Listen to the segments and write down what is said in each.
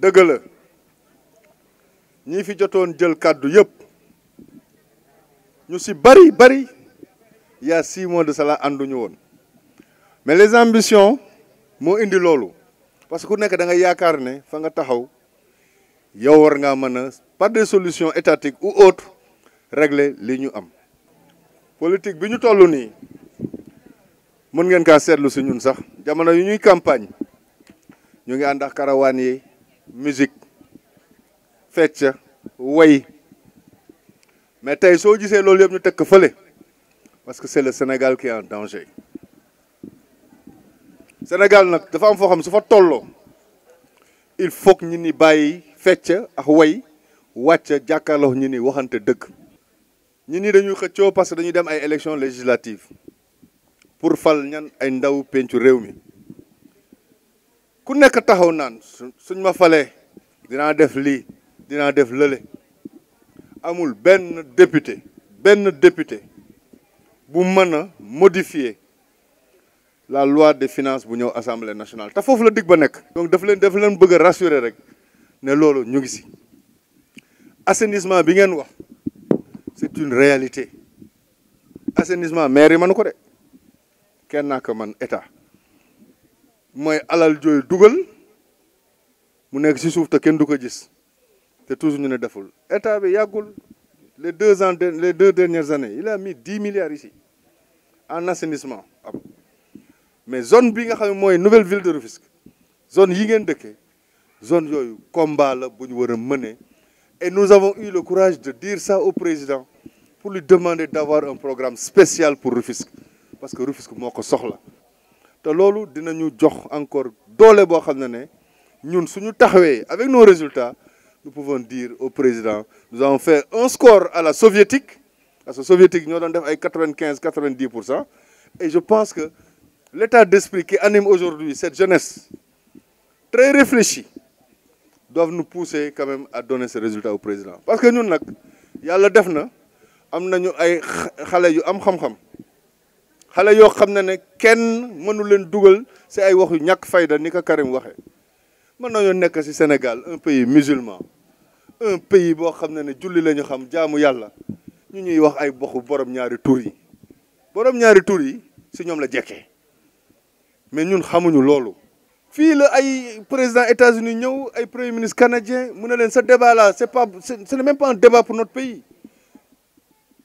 dëgg la ñi fi jotoon jël kàddu yëpp ñu si bari bari il y a six mois de cela ànduñu woon mais les ambitions moo indi loolu parce que ku nekk da nga yaakaar ne fa nga taxaw yow war ngaa mën a par des solutions étatiques ou autres régler li ñu am politique bi ñu toll nii mën ngeen kaa seetlu si ñun sax jamono yu ñuy campagne ñu ngi ànd ak karawaan yi musique fecc way mais tay so gisee lolou yeb ñu tekk feulé parce que c'est le Sénégal qui est en danger Sénégal nak dafa am fo xam su fa tollo il faut que ni bàyyi fecc ak way wàcc jakarlo ñi ni waxante deug ñi ni dañuy xëccio parce que dañuy dem ay élections législatives pour fal ñan ay ndaw penchu réew mi ku nekk taxaw naan suñ ma falee dinaa def lii dinaa def lële amul benn député benn député bu mën modifier la loi de finances bu ñëw assemblée nationale te foofu la dig ba nekk. donc daf leen daf leen bëgg a rassurer rek ne loolu ñu ngi si assainissement bi ngeen wax c'est une réalité assainissement maire yi ko de kenn naa man état moy alal joy dougal mu nek ci souf te ken du ko gis te toujours ñu ne deful état bi yagul les deux les dernières années il a mis 10 milliards ici en assainissement mais zone bi nga xam nouvelle ville de Rufisque zone yi ngeen zone de combat la bu ñu et nous avons eu le courage de dire ça au président pour lui demander d'avoir un programme spécial pour Rufisque parce que Rufisque moko soxla encore avec nos résultats nous pouvons dire au président nous avons fait un score à la soviétique parce que soviétique nous doon def ay et je pense que l'état d'esprit qui anime aujourd'hui cette jeunesse très réfléchie doivent nous pousser quand même à donner ces résultats au président parce que nous, il y a le ay xale yoo xam ne ne kenn mënu leen dugal si ay wax yu ñàkk fayda ni ko Karim waxee mën na nañoo nekk si Sénégal un pays musulman un pays boo xam ne ne julli la ñu xam jaamu yàlla ñu ñuy wax ay boxu borom ñaari tur yi borom ñaari tur yi si ñoom la jekkee mais ñun xamuñu loolu. fii la ay président États-Unis ñëw ay premier ministre canadien mu ne leen sa débat là c'est pas ce n'est même pas un débat pour notre pays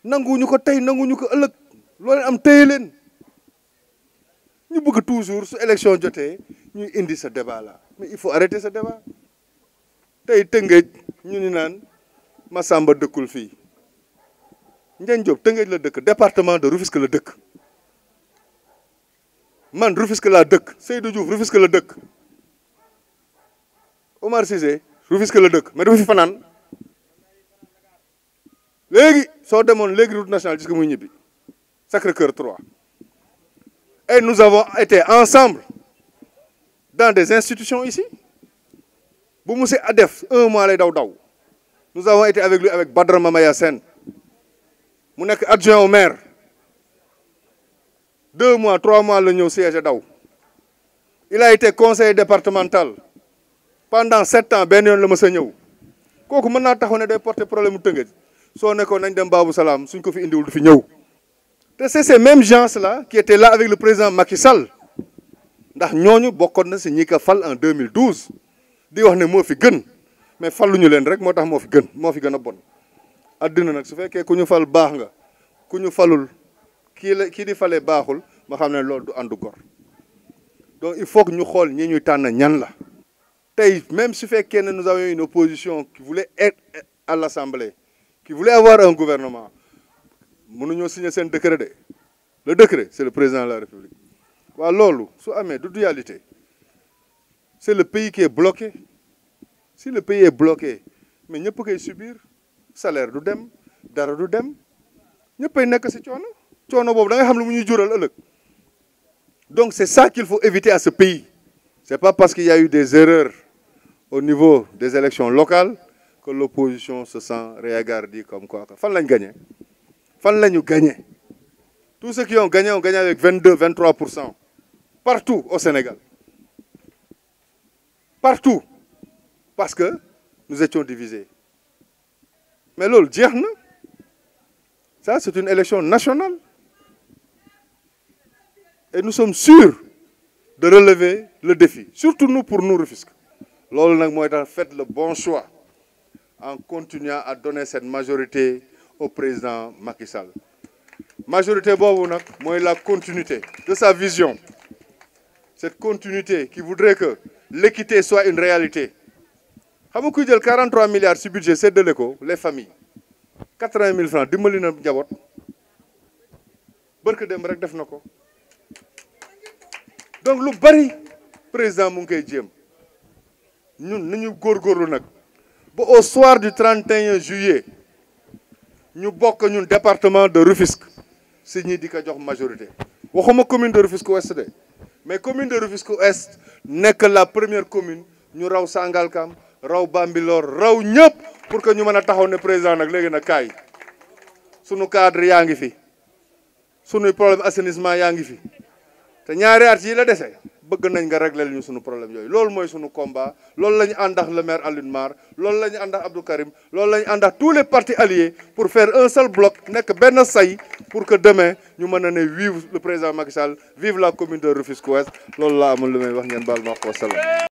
nanguwuñu ko tey nanguwuñu ko ëllëg loo am téye ñu bëgg toujours su élection jotee ñu indi sa débat mais il faut arrêter ce débat tey tëngëj ñu ni naan Massamba dëkkul fii Ndiagne Diop tëngëj la dëkk département de Rufisque la dëkk man Rufisque laa dëkk Seydou Diouf Rufisque la dëkk Omar Cissé Rufisque la dëkk mais dafa fi fanaan léegi soo demoon léegi route nationale gis nga muy ñibbi Sacré-Cœur 3 Et nous avons été ensemble dans des institutions ici. Boumoussé Adef, un mois Nous avons été avec lui, avec Badr Mamaya Sen. Mon adjoint au maire. Deux mois, trois mois, le siège à Il a été conseiller départemental. Pendant sept ans, Benyon le Monseigneur. Quand on a porté problème, si on a un Babou Salam, si on a un c'est ces mêmes gens-là qui étaient là avec le président Macky Sall ndax ñooñu bokkoon na si ñi en 2012 di wax dit qu'ils fi gën mais ils ont rek moo tax moo fi gën moo fi gën a bon. adduna nag su fekkee ku ñu fal baax nga ku ñu falul kii la di falee baaxul ma xam ne loolu du gor donc il faut que nous xool ñi ñuy tànn ñan la. même si nous avions une opposition qui voulait être à l'Assemblée qui voulait avoir un gouvernement avons signé un décret le décret c'est le président de la république Alors, du dualité c'est le pays qui est bloqué si le pays est bloqué mais peut pas subir salaire du dem dara du dem ñëppay nekk ci on coono boobu da nga donc c'est ça qu'il faut éviter à ce pays c'est pas parce qu'il y a eu des erreurs au niveau des élections locales que l'opposition se sent réagardée comme quoi fan lañ gagné fan lañu gagné tous ceux qui ont gagné ont gagné avec 22, 23%. Partout au Sénégal. Partout. Parce que nous étions divisés. Mais l'ol ça c'est une élection nationale. Et nous sommes sûrs de relever le défi. Surtout nous pour nous, refusque. L'ol fait le bon choix en continuant à donner cette majorité au président Macky Sall majorité boobu a la continuité de sa vision cette continuité qui voudrait que l'équité soit une réalité Vous avez 43 milliards le budget c'est de l'éco, les familles 80 000 francs dimbali na njaboot bërk dem rek def na donc le bari président mu nous, nous sommes nous nañu au soir du 31 juillet nous bokk ñun département de Rufisque si ñi di ko jox majorité waxuma commune de Rufisque Ouest de mais commune de Rufisque Ouest nekk la première commune ñu raw Sangalkam raw Bambilor raw ñëpp pour que ñu mën a taxaw ne président nag léegi nag kaay sunu cadre yaa ngi fi sunuy problème assainissement yaa ngi fi te ñaari at yi la dese bëgg nañ nga réglel ñu suñu problème yooyu loolu mooy suñu combat loolu lañu àndax le maire Aline Mar loolu lañu àndax Abdou Karim loolu lañu àndax tous les partis alliés pour faire un seul bloc nekk benn say pour que demain ñu mën a ne vive le président Macky Sall vive la commune de Rufus Kouès loolu laa amul lu may wax ngeen baal ma wax